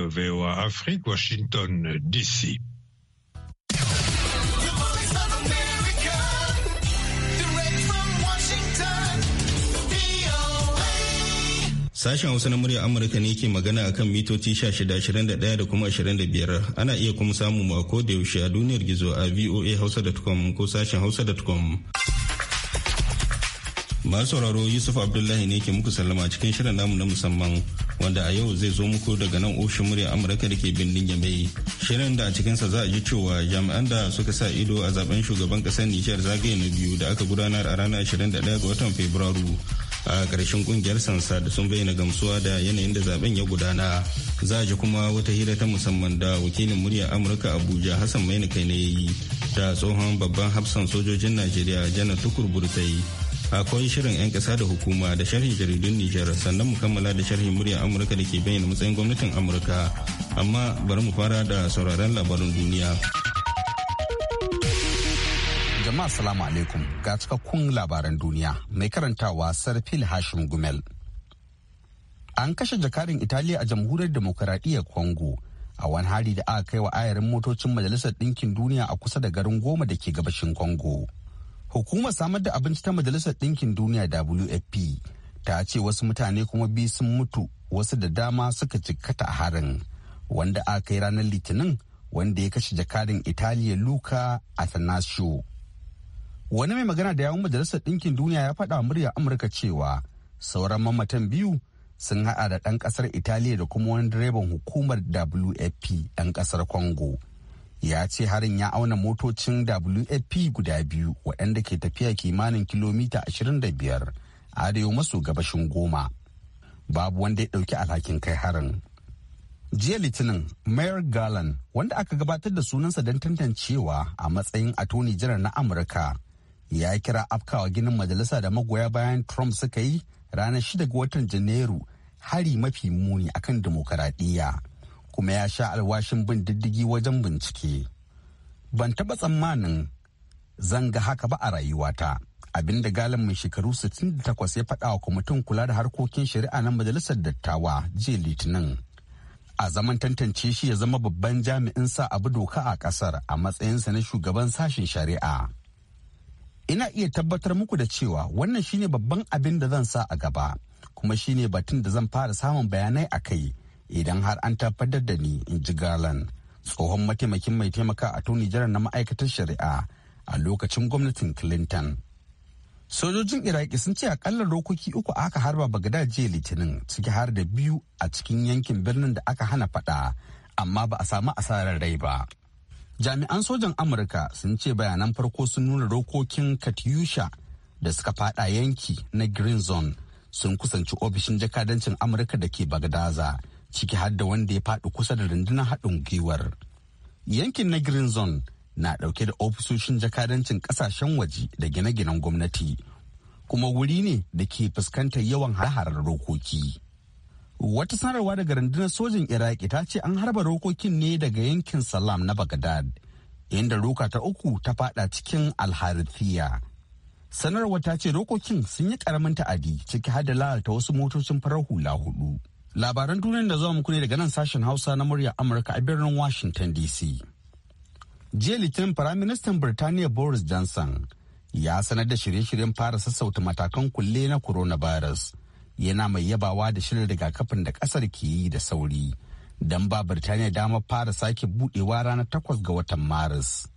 VOA Afrique, Washington DC. Sashen Hausa na muryar Amurka ne ke magana a kan mitoci 1621 da kuma 25. Ana iya kuma samun mako da yaushe a duniyar gizo a voahausa.com ko sashen hausa.com. masu sauraro yusuf abdullahi ne ke muku sallama cikin shirin namu na musamman wanda a yau zai zo muku daga nan ofishin murya amurka da ke birnin yamai shirin da a cikinsa za a ji cewa jami'an da suka sa ido a zaben shugaban kasar nijar zagaye na biyu da aka gudanar a ranar 21 ga watan fabrairu a karshen kungiyar sansa da sun bayyana gamsuwa da yanayin da zaben ya gudana za a ji kuma wata hira ta musamman da wakilin murya amurka abuja hassan maina kai ne yi da tsohon babban hafsan sojojin najeriya janar tukur burtai akwai shirin 'yan ƙasa da hukuma da sharhin jaridun Nijar sannan mu kammala da sharhin muryar Amurka da ke bayyana matsayin gwamnatin Amurka. Amma bari mu fara da sauraron labarin duniya. Jama'a salamu alaikum ga cikakkun labaran duniya mai karantawa Sarfil Hashim Gumel. An kashe jakarin Italiya a jamhuriyar demokaradiyyar Congo a wani hari da aka kai wa ayarin motocin Majalisar Ɗinkin Duniya a kusa da garin goma da ke gabashin Congo. Hukumar samar da abinci ta Majalisar Ɗinkin Duniya WFP ta ce wasu mutane kuma biyu sun mutu wasu da dama suka jikkata a harin wanda aka yi ranar Litinin wanda ya kashe jakarin Italiya Luka Atanasio. Wani mai magana da yawun Majalisar Ɗinkin Duniya ya faɗa murya Amurka cewa sauran mamatan biyu sun haɗa da ɗan ƙasar Italiya da kuma wani direban hukumar WFP ɗan ƙasar Congo. ya ce harin ya auna motocin wfp guda biyu waɗanda ke tafiya kimanin kilomita 25 arewa maso gabashin goma babu wanda ya ɗauki alhakin kai harin jiya litinin mayor garland wanda aka gabatar da sunansa don tantancewa a matsayin atoni jiran na amurka ya kira afkawa ginin majalisa da magoya bayan trump suka yi ranar 6 ga watan janairu hari mafi muni akan dimokuraɗiyya. kuma ya sha alwashin bin diddigi wajen bincike ban taɓa tsammanin zanga haka ba a rayuwata abinda galin mai shekaru 68 ya faɗa wa kwamitin kula da harkokin shari'a na majalisar dattawa jiya litinin a zaman tantance shi ya zama babban jami'in sa abu doka a ƙasar, a matsayinsa na shugaban sashen shari'a ina iya tabbatar muku da cewa wannan shine babban abin da zan sa a gaba kuma shine batun da zan fara samun bayanai a kai idan har an tabbatar da ni in ji galan tsohon mataimakin mai taimaka a tony jiran na ma'aikatar shari'a a lokacin gwamnatin clinton sojojin iraki sun ce akalla rokoki uku aka harba bagada jiya litinin ciki har da biyu a cikin yankin birnin da aka hana fada amma ba a samu asarar rai ba jami'an sojan amurka sun ce bayanan farko sun nuna rokokin katyusha da suka fada yanki na green zone sun kusanci ofishin jakadancin amurka da ke bagdaza ciki har da wanda ya faɗi kusa da rundunar haɗin gwiwar. Yankin na Green Zone na ɗauke da ofisoshin jakadancin ƙasashen waje da gine-ginen gwamnati, kuma wuri ne da ke fuskantar yawan harharar rokoki. Wata sanarwa daga rundunar sojin Iraki ta ce an harba rokokin ne daga yankin Salam na Baghdad, inda roka ta uku ta faɗa cikin alharithiya. Sanarwa ta ce rokokin sun yi karamin ta'adi ciki har da lalata wasu motocin farar hula hudu. Labaran duniyar da zuwa muku ne daga nan sashen Hausa na murya Amurka a birnin Washington DC. Jiya Litinin Firaministan Birtaniya Boris Johnson ya sanar da shirye-shiryen fara sassauta matakan kulle na coronavirus. Yana mai yabawa da shirin rigakafin da kasar ke yi da sauri. Don ba Birtaniya dama fara sake budewa ranar takwas ga watan Maris.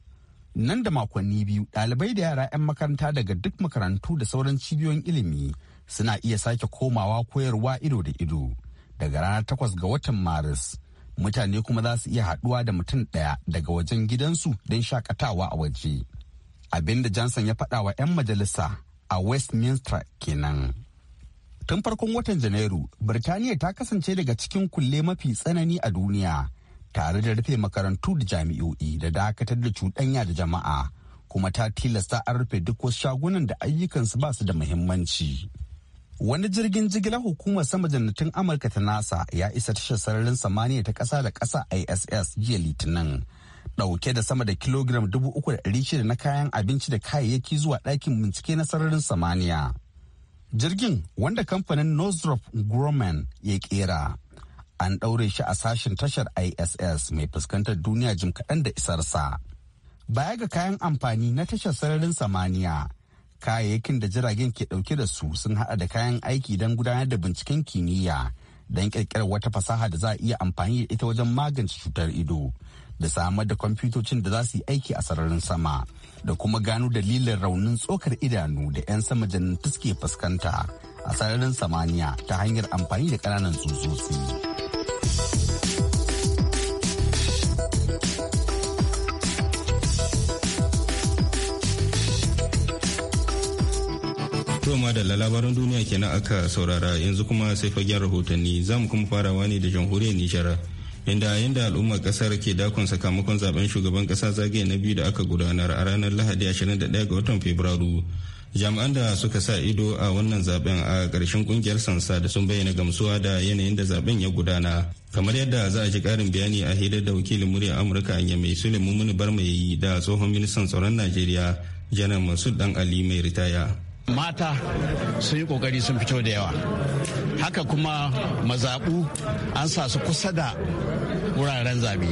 Nan da makonni biyu, ɗalibai da yara 'yan makaranta daga duk makarantu da sauran cibiyoyin ilimi suna iya sake komawa koyarwa ido da ido. daga ranar takwas ga watan maris mutane kuma za su iya haɗuwa da mutum ɗaya daga wajen gidansu don shakatawa a waje abin da johnson ya faɗa wa 'yan majalisa a westminster kenan tun farkon watan janairu birtaniya ta kasance daga cikin kulle mafi tsanani a duniya tare da rufe makarantu da jami'o'i da dakatar da cuɗanya da jama'a kuma ta tilasta an rufe duk wasu shagunan da ayyukansu ba su da muhimmanci. wani jirgin jigilar hukumar sama jannatin amurka ta nasa ya isa tashar sararin samaniya ta ƙasa da ƙasa iss jiya litinin Dauke da sama da kilogiram dubu uku da ɗari shida na kayan abinci da kayayyaki zuwa ɗakin bincike na sararin samaniya jirgin wanda kamfanin northrop grumman ya ƙera an ɗaure shi a sashen tashar iss mai fuskantar duniya jim kaɗan da isarsa baya ga kayan amfani na tashar sararin samaniya kayayyakin da jiragen ke dauke da su sun hada da kayan aiki don gudanar da binciken kimiyya don kirkirar wata fasaha da za a iya amfani da ita wajen magance cutar ido da samar da kwamfutocin da za su yi aiki a sararin sama da kuma gano dalilin raunin tsokar idanu da 'yan sama jannatu suke fuskanta a sararin samaniya ta hanyar amfani da ƙananan tsutsotsi. To madalla labaran duniya kenan aka saurara yanzu kuma sai fagen rahotanni za mu kuma farawa ne da jamhuriyar Nijar. Inda yanda al'ummar kasar ke dakon sakamakon zaben shugaban kasa zagaye na biyu da aka gudanar a ranar Lahadi 21 ga watan Fabrairu. jami'an da suka sa ido a wannan zaben a ƙarshen kungiyar sansa da sun bayyana gamsuwa da yanayin da zaben ya gudana kamar yadda za a ji ƙarin bayani a hirar da wakilin muryar amurka a yamai suleiman mumuni bar mai yi da tsohon ministan tsaron najeriya janar masu dan ali mai ritaya mata sun yi kokari sun fito da yawa haka kuma mazaɓu an sa su kusa da wuraren zabe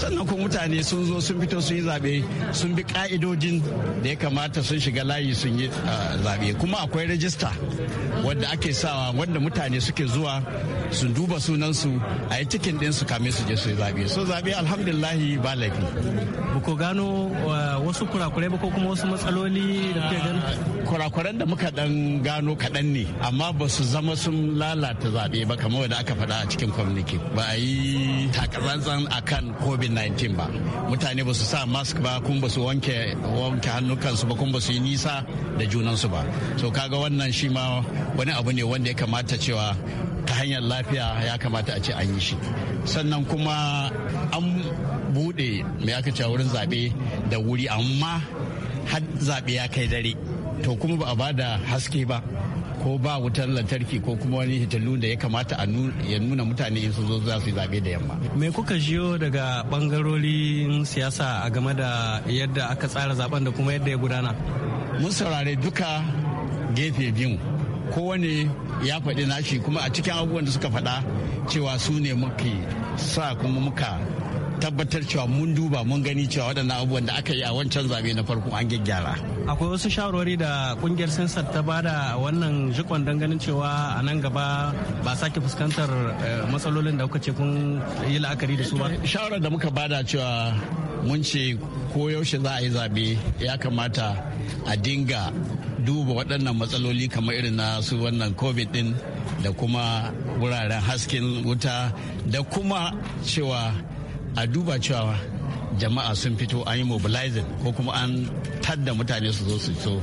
sannan kuma mutane sun zo sun fito sun yi zabe sun bi ka'idojin da ya kamata sun shiga layi sun yi ah, zabe kuma akwai rajista wadda ake sawa wanda mutane suke zuwa su duba sunansu a yi cikin su kame su je su yi zabe so zabe alhamdulillahi ba laifi ba gano wasu kurakurai ba ko kuma wasu matsaloli da ke gani ah, kurakuran da muka dan gano kaɗan ne amma ba su zama sun lalata zaɓe ba kamar wanda aka faɗa a cikin kwamniki ba a yi takar rantsan akan covid-19 ba mutane ba su sa mask ba kun ba su wanke wanke hannukansu ba kun ba su yi nisa da junansu ba so kaga wannan shi ma wani abu ne wanda ya kamata cewa ta hanyar lafiya ya kamata a ce an yi shi sannan kuma an bude mai aka cewa wurin zaɓe da wuri amma har zaɓe ya kai dare to kuma ba a ba da haske ba ko ba wutar lantarki ko kuma wani hitalu da ya kamata a nuna mutane in su zo za su zaɓe da yamma. Me kuka jiyo daga bangarorin siyasa a game da yadda aka tsara zaben da kuma yadda ya gudana? Mun saurare duka gefe biyu kowane ya faɗi nashi kuma a cikin abubuwan da suka faɗa cewa su ne muke sa kuma muka tabbatar cewa mun duba mun gani cewa waɗannan abubuwan da aka yi a wancan zabe na farko an gyaggyara akwai wasu shawarwari da kungiyar sensar ta bada wannan jikon don ganin cewa a nan gaba ba sake fuskantar eh, matsalolin da kuka ce kun yi la'akari da su ba eh, shawarar da muka bada cewa mun ce ko yaushe za a yi zabe ya kamata a dinga duba waɗannan matsaloli kamar irin na su wannan covid din da kuma wuraren hasken wuta da kuma cewa a duba cewa jama'a sun fito an yi mobilizing ko kuma an tadda mutane su zo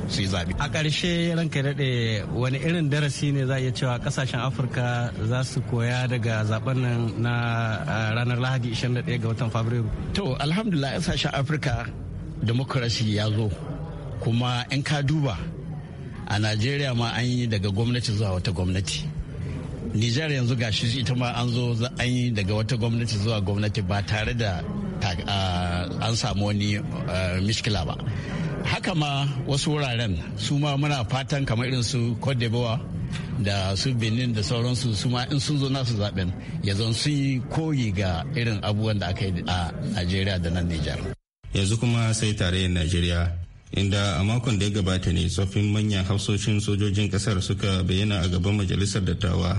su yi zabe. A ƙarshe ranka daɗe wani irin darasi ne za a iya cewa ƙasashen Afirka za su koya daga zaben nan na ranar Lahadi 21 ga watan Fabrairu. To alhamdulillah ƙasashen Afirka demokarasi ya zo kuma in ka duba a Najeriya ma an yi daga gwamnati zuwa wata gwamnati. nijar yanzu ga shi ita ma an zo an yi daga wata gwamnati zuwa gwamnati ba tare da an samu wani mishkila ba haka ma wasu wuraren su ma muna fatan kamar irin su cote d'ivoire da su benin da sauransu su ma in sun zo nasu zaben ya zan sun yi koyi ga irin abubuwan da aka yi a najeriya da nan nijar yanzu kuma sai tare najeriya inda a makon da ya gabata ne tsoffin manyan hafsoshin sojojin kasar suka bayyana a gaban majalisar dattawa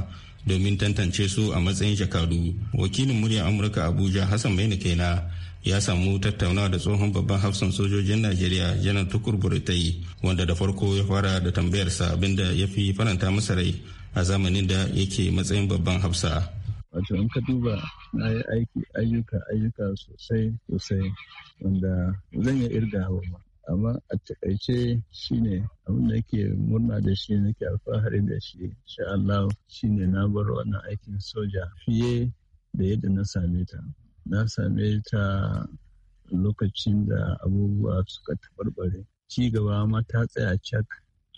domin tantance su a matsayin shekaru wakilin murya amurka abuja hassan maina kaina ya samu tattaunawa da tsohon babban hafsan sojojin najeriya janar tukur buritai wanda da farko ya fara da tambayarsa abinda ya fi faranta masa rai a zamanin da yake matsayin babban hafsa wato in ka duba na yi aiki ayyuka ayyuka sosai sosai wanda zan yi irgawa amma a takaice shine abin da ke murna da shi ke alfahari da shi sha Allah ne na bar wannan aikin soja fiye da yadda na same ta na same ta lokacin da abubuwa suka tabarbare ci gaba ma ta tsaya cak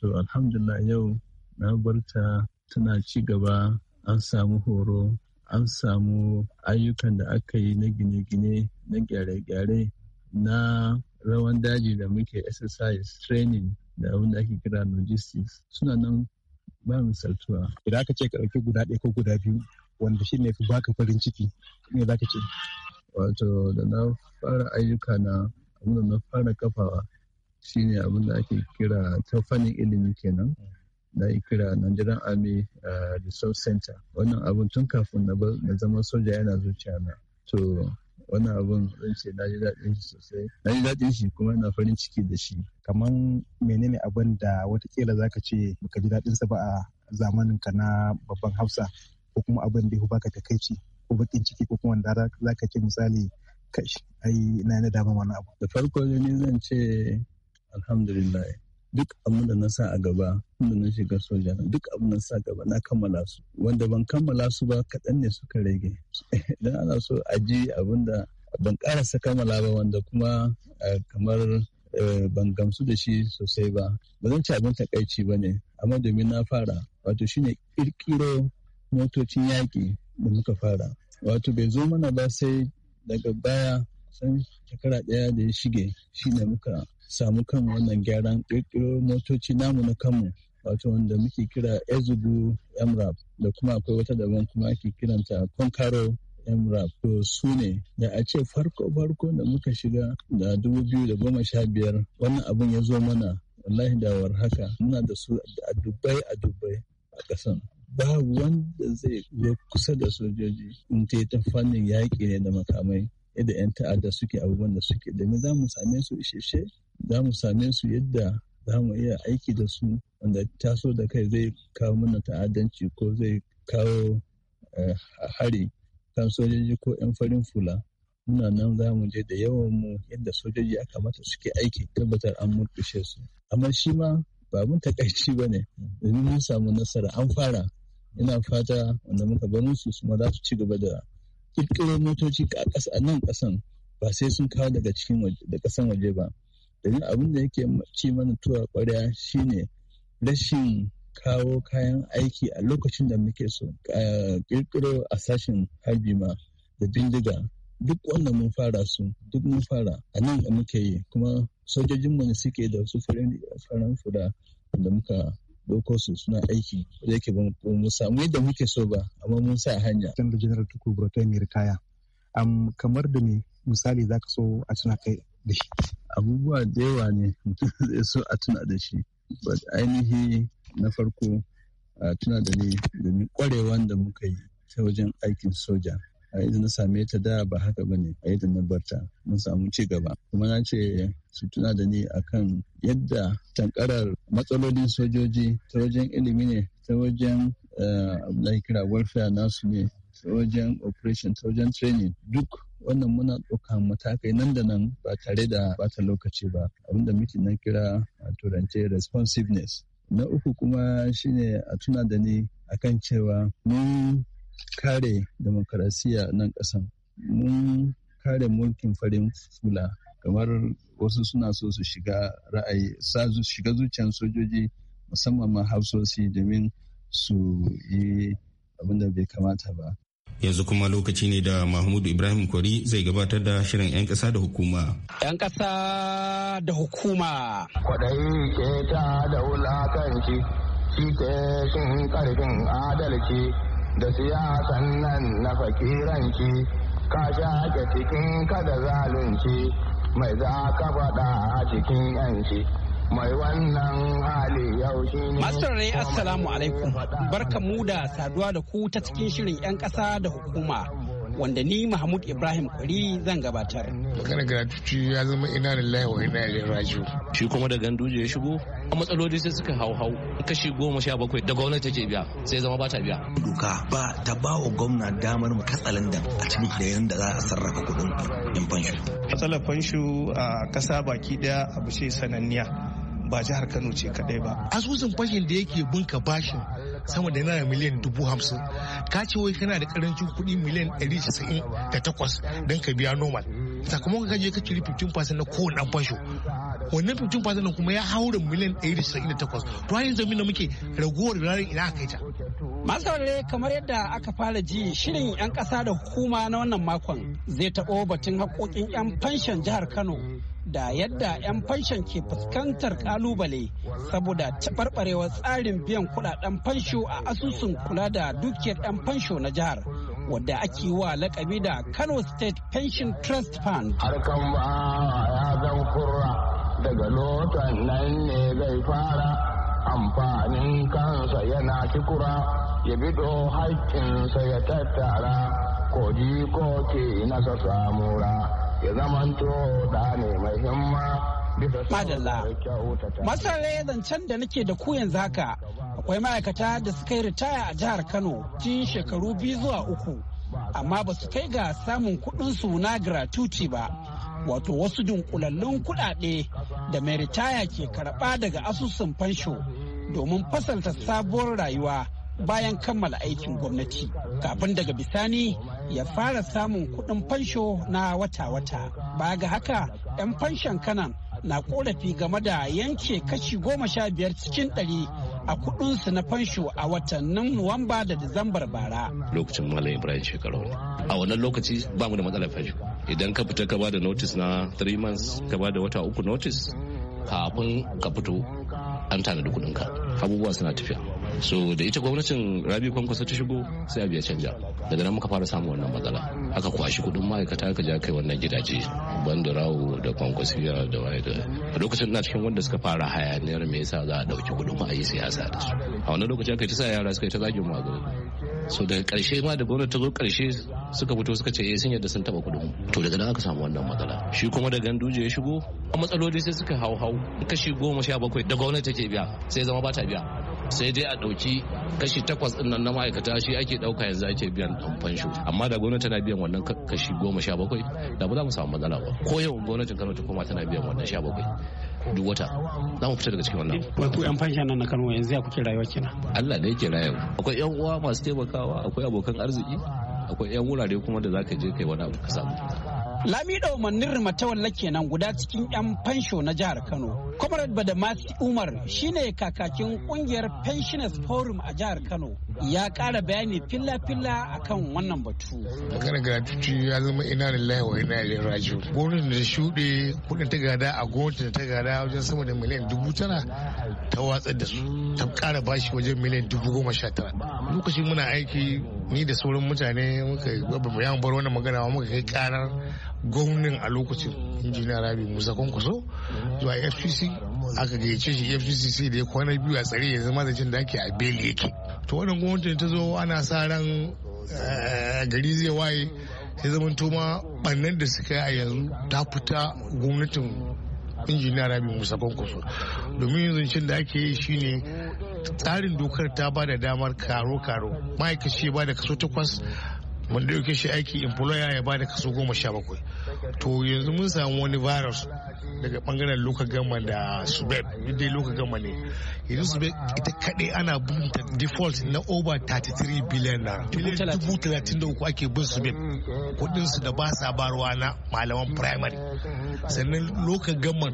to alhamdulillah yau na bar ta tana ci gaba an samu horo an samu ayyukan da aka yi na gine-gine na gyare-gyare na rawan daji da muke exercise training da abin da ake kira logistics suna nan ba misaltuwa idan aka ce ka ɗauki guda ɗaya ko guda biyu wanda shi ne fi baka farin ciki ne za ka ce wato da na fara ayyuka na abin na fara kafawa shine abin da ake kira ta fannin ilimi kenan na ake kira Nigerian Army eh, Resource Center wannan abin tun kafin na zama soja yana zuciya na to wannan abin zan ce na ji daɗin shi sosai na ji daɗin shi kuma ina farin ciki da shi Kamar menene abin da watakila ka ce baka ji daɗin sa ba a zamanin ka na babban hausa ko kuma abin da ya baka takaici ko bakin ciki ko kuma wanda ka ce misali kai ai na na dama wani abu da farko ne zan ce alhamdulillah duk abin da na sa a gaba da na shiga soja duk abin da na sa gaba na kammala su wanda ban kammala su ba kaɗan ne suka rage idan ana so a ji abin da ban ƙarasa kammala ba wanda kuma kamar e, ban gamsu da shi sosai ba ba zan ci abin takaici ba ne amma domin na fara wato shine kirkiro motocin yaƙi da muka fara wato bai zo mana ba sai daga baya san shekara ɗaya da ya shige shi shine muka samu kan wannan gyaran ƙirƙiro motoci namu na kanmu wato wanda muke kira ezugu mrap da kuma akwai wata daban kuma ake kiranta konkaro mrap to su ne da a ce farko farko da muka shiga da dubu biyu da goma sha biyar wannan abun ya zo mana wallahi da war haka muna da su a dubai a dubai a kasan. ba wanda zai zo kusa da sojoji in ta fannin yaƙi ne da makamai yadda 'yan ta'adda suke abubuwan da suke domin za mu same su isheshe za mu same su yadda za mu iya aiki da su wanda taso da kai zai kawo mana ta'addanci ko zai kawo eh, hari kan sojoji ko 'yan farin fula muna nan za mu je da yawan mu yadda sojoji aka mata suke aiki tabbatar an murkushe su amma shi ma ba mun takaici ba ne domin mun samu nasara an fara ina fata wanda muka bar su maza za su ci gaba da kirkiro motoci a nan kasan ba sai sun kawo daga cikin da kasan waje ba Domin abin da yake ci mana tuwa kwarya shine rashin kawo kayan aiki a lokacin da muke so. Ƙirƙiro a sashen harbi ma da bindiga duk wannan mun fara su duk mun fara a nan da muke yi kuma sojojin wani suke da su faran fura da muka doko su suna aiki da yake mu samu yadda muke so ba amma mun sa hanya. Can da General Tukur Burtai mai ritaya. kamar da ne misali zaka so a suna kai abubuwa da yawa ne da zai so a tuna da shi but ainihi na farko a tuna da ni domin kwarewan da muka yi ta wajen aikin soja a yadda na same ta da ba haka bane a yadda na barta mun samu ci gaba kuma na ce su tuna da ni akan yadda tankarar matsalolin sojoji ta wajen ilimi ne ta wajen eh, kira warfare nasu ne ta wajen operation ta wajen training duk wannan muna ɗaukan matakai nan da nan ba tare da bata lokaci ba abinda muke na kira a turance responsiveness na uku kuma shine a tuna da ni akan cewa mun kare demokarasiya nan ƙasan mun kare mulkin farin fula kamar wasu suna so su shiga ra'ayi shiga zuciyar sojoji musamman ma hausosi domin su yi abin da bai kamata ba yanzu kuma lokaci ne da mahmudu ibrahim kwari zai gabatar da shirin 'yan kasa da hukuma 'yan kasa da hukuma kwaɗayi ke ta da wulakanci shi ke ƙarfin adalci da siyasan nan na fakiranci ka shaƙe cikin kada zalunci mai za ka faɗa a cikin 'yanci mai wannan hali yau shi ne. Ray, Assalamu alaikum barka mu da saduwa da ku ta cikin shirin 'yan ƙasa da hukuma wanda ni Mahmud Ibrahim Kuri zan gabatar. Magana gratuity ya zama ina lillahi wa ina ilaihi raji'un. Shi kuma da ganduje ya shigo matsaloli sai suka hau hau kashi goma sha bakwai da gwamnati take biya sai zama ba ta biya. Duka ba ta ba wa gwamna damar mu da a cikin hadayen da za a sarrafa kuɗin yan fanshu. Matsalar fanshu a ƙasa baki daya abu sai sananniya. ba jihar kano ce kadai ba asusun fashin da yake bunka bashin sama da naira miliyan dubu hamsin ka ce wai kana da karancin kuɗi miliyan ɗari casa'in da takwas don ka biya normal sakamakon ka je ka ciri 15% na kowane ɗan fasho wannan 15% kuma ya haura miliyan ɗari casa'in da takwas to hanyar zamin da muke ragowar ranar ina aka yi ta. masu kamar yadda aka fara ji shirin 'yan ƙasa da hukuma na wannan makon zai taɓo batun haƙoƙin 'yan fanshan jihar kano da yadda 'yan fanshan ke fuskantar kalubale saboda taɓarɓarewar tsarin biyan kudaden fansho a asusun kula da dukiyar 'yan fansho na jihar wadda ake wa lakabi da kano state pension trust fund harkan ba ya zan kurra daga lotan nan ne zai fara amfanin kansa yana kikura ya bido haƙƙinsa ya tattara ko ke nasa samura ya zamanto da ne mai himma Madalla. zancen da nake da ku yanzu haka akwai ma'aikata da suka yi ritaya a jihar Kano tun shekaru biyu zuwa uku amma ba su kai ga samun kudinsu na gratuity ba. Wato wasu dunkulallun kudade da mai ritaya ke karɓa daga asusun fansho domin fasalta sabuwar rayuwa bayan kammala aikin gwamnati kafin daga bisani ya fara samun kuɗin fansho na wata-wata ba ga haka 'yan fanshon kanan na korafi game da yanke kashi goma sha biyar cikin ɗari a kuɗinsu na fansho a watannin nuwamba da disambar bara lokacin malam ibrahim shekaru a wannan lokaci ba mu da matsalar fansho idan ka fita ka ba da notice na 3 months ka ba da wata uku notice kafin ka fito an tanadi ka abubuwa suna tafiya so da ita gwamnatin rabi kwankwasa ta shigo sai abu ya canja daga nan muka fara samun wannan matsala aka kwashi kudin ma'aikata aka ja kai wannan gidaje ban da kwankwasiya da wani da a lokacin na cikin wanda suka fara hayaniyar me yasa za a dauki kudin ma'aikata siyasa da su a wani lokacin aka ta sa yara suka yi ta zagin mu a so daga karshe ma da gwamnati ta zo karshe suka fito suka ce eh, sun yadda sun taba kudin to daga nan aka samu wannan matsala shi kuma da ganduje ya shigo matsaloli sai suka hau hau kashi goma sha bakwai da gwamnati take biya sai zama ba ta biya sai dai a ɗauki kashi takwas din nan na ma'aikata shi ake ɗauka yanzu ake biyan dan fansho amma da gwamnati tana biyan wannan kashi goma sha bakwai da ba za mu samu matsala ba ko yau gwamnatin kano ta koma tana biyan wannan sha bakwai duk wata za mu fita daga cikin wannan wai ku yan fanshan nan na Kano yanzu ya kuke rayuwa kina? Allah ne yake rayuwa akwai yan uwa masu taimakawa akwai abokan arziki akwai yan wurare kuma da zaka je kai wani abu ka samu Lamido Manir Matawalla kenan guda cikin 'yan fansho na jihar Kano. Comrade Badamasi Umar shine kakakin kungiyar Pensioners Forum a jihar Kano. ya kara bayani filla-filla akan wannan batu. Magana Tutu ya zama ina lillahi wa ina ilaihi raji'un. Gwamnatin da shuɗe kuɗin ta gada a gwamnatin ta gada wajen sama da miliyan dubu tara ta watsar da su ta ƙara bashi wajen miliyan dubu goma sha tara. Lokacin muna aiki ni da sauran mutane muka yi yawan bar wannan magana muka kai karar gwamnin a lokacin injiniya rabi musa kwankwaso zuwa fcc aka gayyace shi fcc sai da ya kwana biyu a tsare ya zama da jin da ake a beli yake to wannan gwamnati ta zo ana sa ran eh, gari zai waye sai zaman ma bannan da suka yi a yanzu ta fita gwamnatin injiniya rabi musa kwankwaso domin yanzu cin da ake yi shine tsarin dokar ta ba da damar karo-karo ma'aikaci ba da kaso takwas mun ɗauke shi aiki employer ya ba da kaso goma sha bakwai to yanzu mun samu wani virus daga bangaren local gama da subeb dai local gama ne yanzu subeb ita kaɗai ana bin default na over 33 billion na biliyan dubu talatin da uku ake bin subeb kuɗinsu da ba sa barwa na malaman primary sannan local gama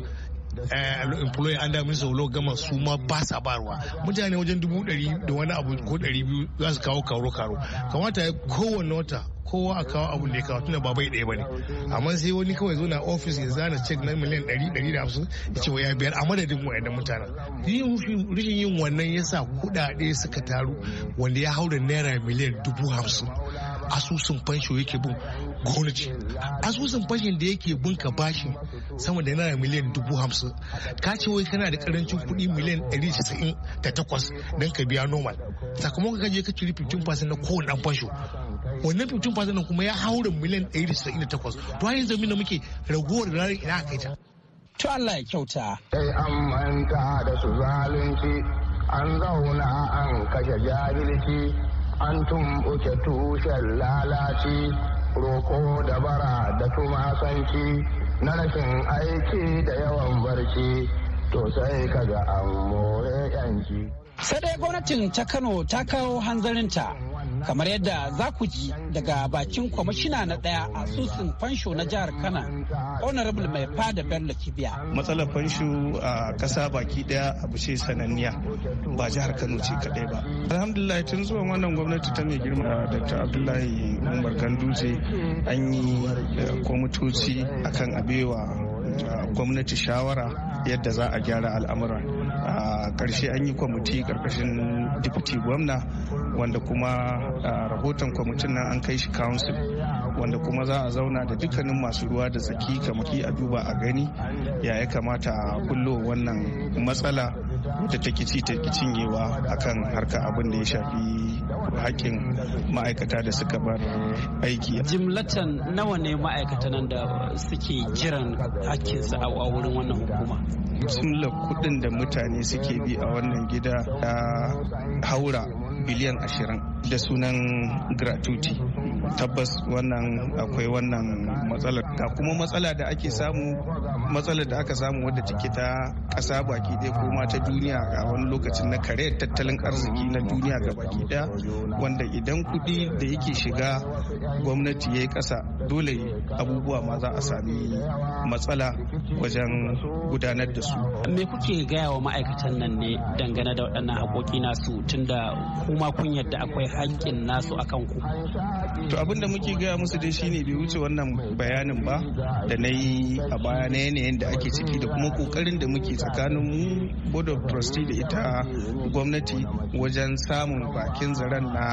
Eh, employer under minister of law gama su ma ba sa barwa mutane wajen dubu ɗari da wani abu ko ɗari biyu za su kawo karo karo kamata ya kowane wata kowa a kawo abun da ya kawo tunda ba bai ɗaya bane amma sai wani kawai zo na ofis ya zana cek na miliyan ɗari ɗari da hamsin ya ce wa ya biyar a madadin wa'annan mutanen rikin yin wannan yasa kuɗaɗe suka taru wanda ya hau da naira miliyan dubu hamsin asusun fansho yake bin gwamnati asusun fanshin da yake bin ka bashin sama da naira miliyan dubu hamsin ka ce wai kana da karancin kuɗi miliyan ɗari casa'in da takwas don ka biya normal sakamakon ka je ka ciri 15% na kowane ɗan fansho wannan 15% na kuma ya haura miliyan ɗari casa'in da takwas to har yanzu da muke ragowar ranar ina kai ta. to Allah ya kyauta. sai an manta da su zalunci an zauna an kashe jahilci an tumɓuke tushen lalaci roko da bara da tumasanci na rashin aiki da yawan barci to sai kaga an more sai dai gwamnatin ta kano ta kawo hanzarinta kamar yadda za ku ji daga bakin kwamishina na ɗaya a susun fansho na jihar kana honorable mai fada bello kibiya matsalar fansho a ƙasa baki ɗaya abu ce sananniya ba jihar kano ce kadai ba alhamdulillah tun zuwan wannan gwamnati ta mai girma ta abdullahi umar ganduje an yi eh, kwamitoci akan abewa eh, gwamnati shawara yadda za a gyara al'amuran a karshe an yi kwamiti ƙarƙashin deputy gwamna wanda kuma rahoton kwamitin nan an kai shi council wanda kuma za a zauna da dukkanin masu ruwa da tsaki kamaki a duba a gani ya ya kamata a kullo wannan matsala da ta kici ta cinyewa akan harka abin da ya shafi hakkin ma'aikata da suka bar aiki jimlatan nawa ne ma'aikata nan da suke jiran hakkinsu a wurin wannan hukuma jimlar kudin da mutane suke bi a wannan gida ta haura biliyan ashirin da sunan gratuity tabbas wannan akwai wannan matsalar ga kuma matsala da ake samu matsalar da aka samu wadda take ta kasa baki ɗaya ko ma ta duniya a wani lokacin na kare tattalin arziki na duniya ga baki ɗaya wanda idan kuɗi da yake shiga gwamnati ya yi ƙasa dole abubuwa ma za a sami matsala wajen gudanar da su me kuke gaya wa ma'aikatan nan ne dangane da waɗannan haƙoƙi nasu tunda kuma kun yadda akwai haƙƙin nasu akan ku to abin da muke gaya musu dai shine bai wuce wannan bayanin ba da na yi a baya na yanayin da ake ciki da kuma kokarin da muke tsakanin mu board of trustee da ita gwamnati wajen samun bakin zaren na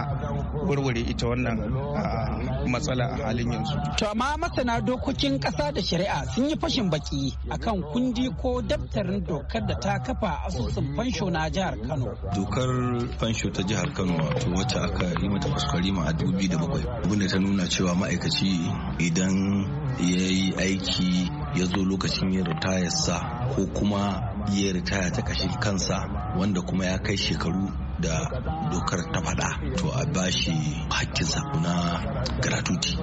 warware ita wannan ah, matsala a halin yanzu. To amma masana dokokin ƙasa da shari'a sun yi fashin baki akan kundi ko daftarin dokar da ta kafa asusun fansho na jihar Kano. Dokar fansho ta jihar Kano wato wacce aka yi mata kuskure ma a dubi da bakwai. Abin da ta nuna cewa ma'aikaci idan ya yi aiki ya zo lokacin yin ritayarsa ko kuma ya ritaya ta kashin kansa wanda kuma ya kai shekaru da dokar ta faɗa to a bashi hakkin na gratuity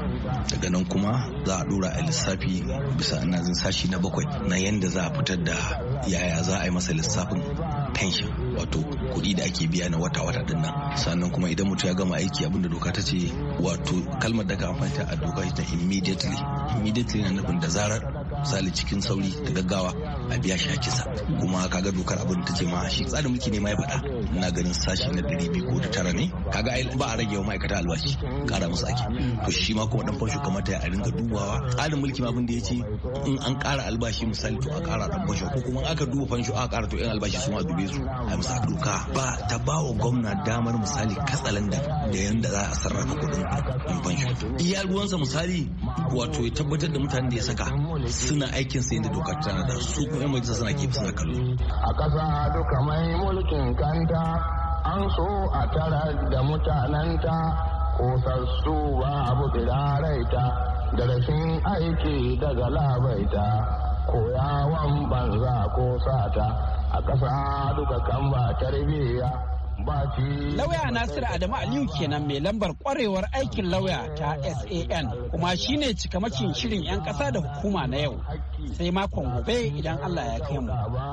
daga nan kuma za a dora a lissafi bisa ina jin sashi na bakwai na yanda za a fitar da yaya za a yi masa lissafin pension wato kuɗi da ake biya na wata-wata din nan sannan kuma idan mutum ya gama aiki abinda doka ta ce wato kalmar da ka amfani ta a doka ita immediately immediately na nufin da zarar misali cikin sauri da gaggawa a biya shi kisa kuma kaga dokar abin ta ce ma shi tsarin mulki ne ma ya faɗa ina ganin sashi na ɗari biyu ko da tara ne kaga ai ba a rage wa ma'aikata albashi kara musu ake to shi ma kuma dan fansho kamata ya ringa dubawa tsarin mulki ma abin da ya ce in an kara albashi misali to a kara dan fansho ko kuma aka duba fansho aka kara to yan albashi su ma dube su a musa doka ba ta ba wa gwamna damar misali katsalanda da yanda za a sarrafa kuɗin fansho iya ruwansa misali wato ya tabbatar da mutanen da ya saka suna aikin sai da dokar ta da su kuma majalisa suna kifi suna kallo. A ƙasa duka mai mulkin kanta an so a tara da mutanenta kosassu ba abu tsiraraita da rashin aiki daga labaita koyawan banza ko sata a ƙasa duka kan ba tarbiyya. Lauya Nasiru Adamu Aliyu kenan mai lambar kwarewar aikin lauya ta SAN kuma shine cikamakin shirin 'yan ƙasa da hukuma na yau sai makon gobe idan Allah ya kai mu.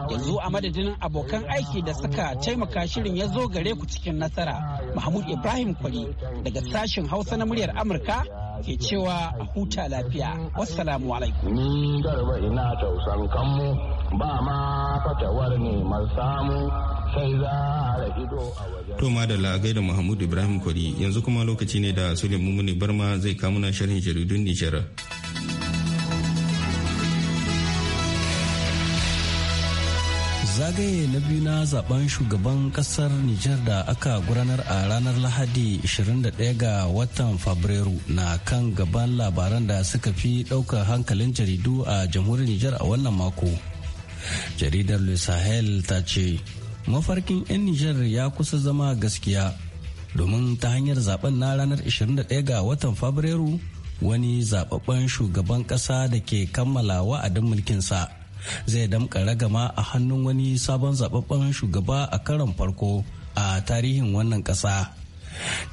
Yanzu a madadin abokan aiki da suka taimaka shirin ya zo gare ku cikin nasara Mahmud Ibrahim Kwari daga sashen Hausa na muryar Amurka ke cewa a huta lafiya. Wassalamu alaikum. Ni ina tausan kanmu ba ma fatawar neman samu sai za a ido a wajen. To madalla gaida Muhammadu Ibrahim Kwari yanzu kuma lokaci ne da Suleiman Mumuni Barma zai kamuna sharhin jaridun Nijar. zagaye na biyu na zaben shugaban kasar Nijar da aka gudanar a ranar Lahadi 21 ga watan Fabrairu na kan gaban labaran da suka fi ɗaukar hankalin jaridu a jamhuriyar Nijar a wannan mako. jaridar le sahel ta ce mafarkin 'yan nijar ya kusa zama gaskiya domin ta hanyar zaben na ranar 21 ga watan fabrairu wani zababben shugaban kasa da ke kammala wa'adin mulkinsa zai damka ragama a hannun wani sabon zababben shugaba a karon farko a tarihin wannan kasa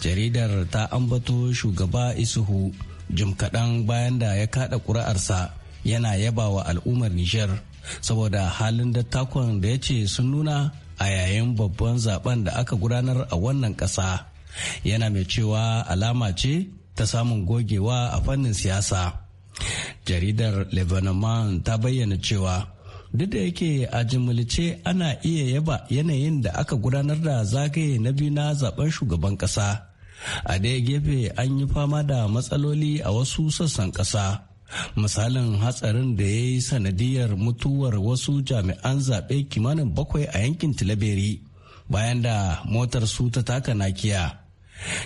jaridar ta ambato shugaba isuhu jim kaɗan bayan da ya kaɗa ƙuri'arsa yana yabawa al'ummar nijar saboda halin dattakon da ya ce sun nuna a yayin babban zaben da aka gudanar a wannan ƙasa yana mai cewa alama ce ta samun gogewa a fannin siyasa jaridar lebanon ta bayyana cewa duk da yake a jimilce ana iya yaba yanayin da aka gudanar da zagaye na biyu na zaben shugaban ƙasa a daya gefe an yi fama da matsaloli a wasu sassan ƙasa misalin hatsarin da ya yi sanadiyar mutuwar wasu jami'an zaɓe kimanin bakwai a yankin tilaberi bayan da motar su ta taka nakiya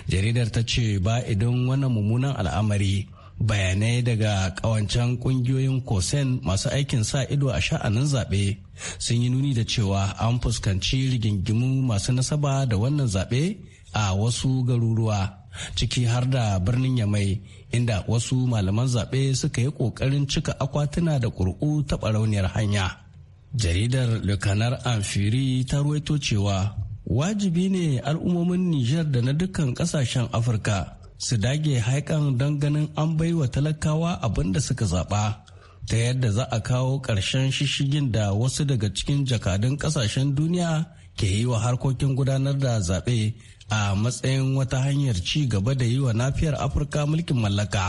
jaridar ta ce ba idan wannan mummunan al'amari bayanai daga kawancen kungiyoyin kosen masu aikin sa ido a sha'anin zaɓe sun yi nuni da cewa an fuskanci rigingimu masu nasaba da wannan zaɓe a wasu garuruwa ciki har da birnin yamai inda wasu malaman zaɓe suka yi ƙoƙarin cika akwatuna da ƙuri'u ta ɓarauniyar hanya. Jaridar Lukanar Amfiri ta ruwaito cewa wajibi ne al'ummomin Nijar da na dukkan ƙasashen Afirka su dage haikan don ganin an bai wa talakawa abin da suka zaɓa. ta yadda za a kawo ƙarshen shishigin da wasu daga cikin jakadun ƙasashen duniya ke yi wa harkokin gudanar da zaɓe a matsayin wata hanyar ci gaba da yi wa nafiyar afirka mulkin mallaka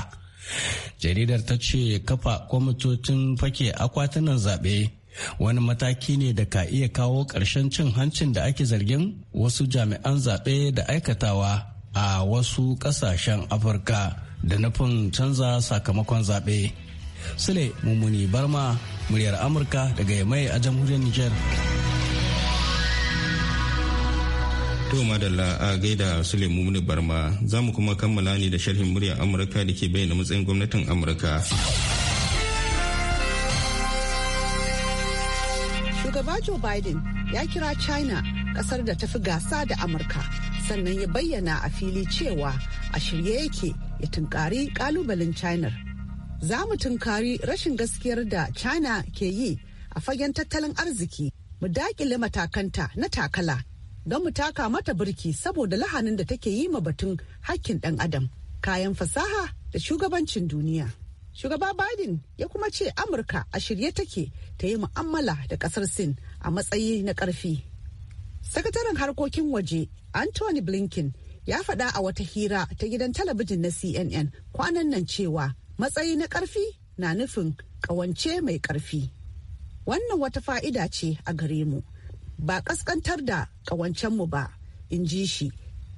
jaridar ta ce kafa kwamitocin fake akwatunan zaɓe wani mataki ne da ka iya kawo ƙarshen cin hancin da ake zargin wasu jami'an zaɓe da aikatawa a wasu ƙasashen afirka da nufin canza sakamakon zaɓe sule mummuni barma muryar amurka daga yamai a jamhuriyar niger To madalla a gaida Suleiman Barma za mu kuma kammala ne da sharhin murya Amurka da ke bayyana matsayin gwamnatin Amurka. Shugaba Joe Biden ya kira China kasar da tafi gasa da Amurka sannan ya bayyana a fili cewa a shirye yake ya tunkari kalubalen China. Za mu tunkari rashin gaskiyar da China ke yi a fagen tattalin arziki mu dakile matakanta na takala don mu taka mata birki saboda lahanin da take yi ma batun hakkin ɗan adam kayan fasaha da shugabancin duniya. Shugaba Biden ya kuma ce Amurka a shirye take ta yi mu'amala da ƙasar Sin a matsayi na ƙarfi. Sakataren harkokin waje Anthony Blinken ya faɗa a wata hira ta gidan talabijin na CNN kwanan nan cewa matsayi na ƙarfi na nufin ƙawance mai ƙarfi. Wannan wata fa'ida ce a gare mu ba ƙasƙantar da ƙawancenmu ba in ji shi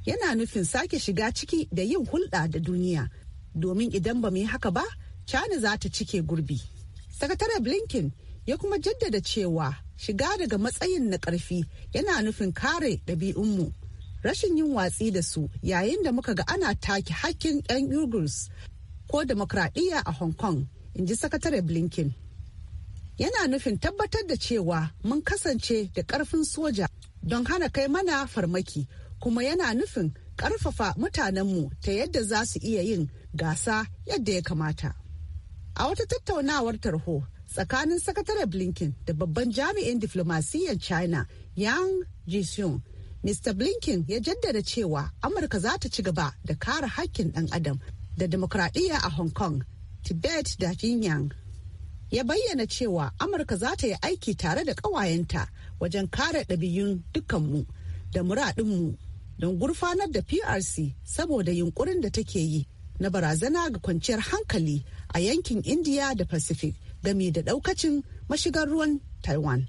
yana nufin sake shiga ciki da yin hulɗa da duniya domin idan ba mu yi haka ba cana za ta cike gurbi Sakatare blinken ya kuma jaddada cewa shiga daga matsayin na ƙarfi yana nufin kare ɗabi'unmu rashin yin watsi da su yayin da muka ga ana take hakkin 'yan uyghurs ko demokradiyya a hong kong in ji sakatare blinken yana nufin tabbatar da cewa mun kasance da ƙarfin soja don hana kai mana farmaki kuma yana nufin ƙarfafa mutanenmu ta yadda za su iya yin gasa yadda ya kamata. A wata tattaunawar tarho tsakanin sakataren Blinken da babban jami'in diflomasiyyar China Yang Jisung, Mr. Blinken ya jaddada cewa Amurka za ta ci gaba da kare hakkin ɗan adam da demokradiyya a Hong Kong, Tibet da Xinjiang. ya bayyana cewa amurka za ta yi aiki tare da kawayenta wajen kare ɗabi'un dukkanmu da muradinmu don gurfanar da prc saboda yunkurin da take yi na barazana ga kwanciyar hankali a yankin indiya da pacific game da ɗaukacin mashigar ruwan taiwan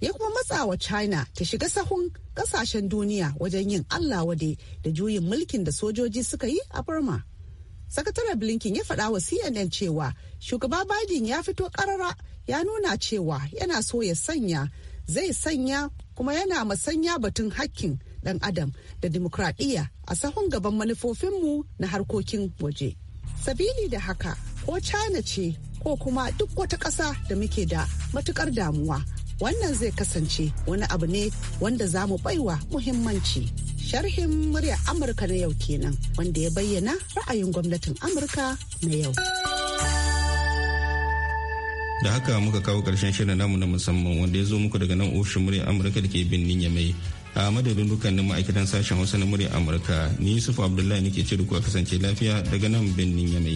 ya kuma matsawa china ta shiga sahun kasashen duniya wajen yin allah wade da juyin mulkin da sojoji suka yi a burma sakataren blinken ya faɗa wa cnn cewa shugaba biden ya fito ƙarara ya nuna cewa yana so ya sanya zai sanya kuma yana masanya batun hakkin ɗan adam da dimokuraɗiyya a sahun gaban manufofinmu na harkokin waje sabili da haka ko china ce ko kuma duk wata ƙasa da muke da matukar damuwa wannan zai kasance wani abu ne wanda za mu baiwa muhimmanci. sharhin muryar Amurka na yau kenan wanda ya bayyana ra'ayin gwamnatin Amurka na yau. da haka muka kawo ƙarshen shirin namu na musamman wanda ya zo muku daga nan ofishin muryar amurka da ke birnin yamai a madadin dukkanin ma'aikatan sashen hausa na muryar amurka ni yusuf abdullahi nake ce da ku kasance lafiya daga nan birnin yamai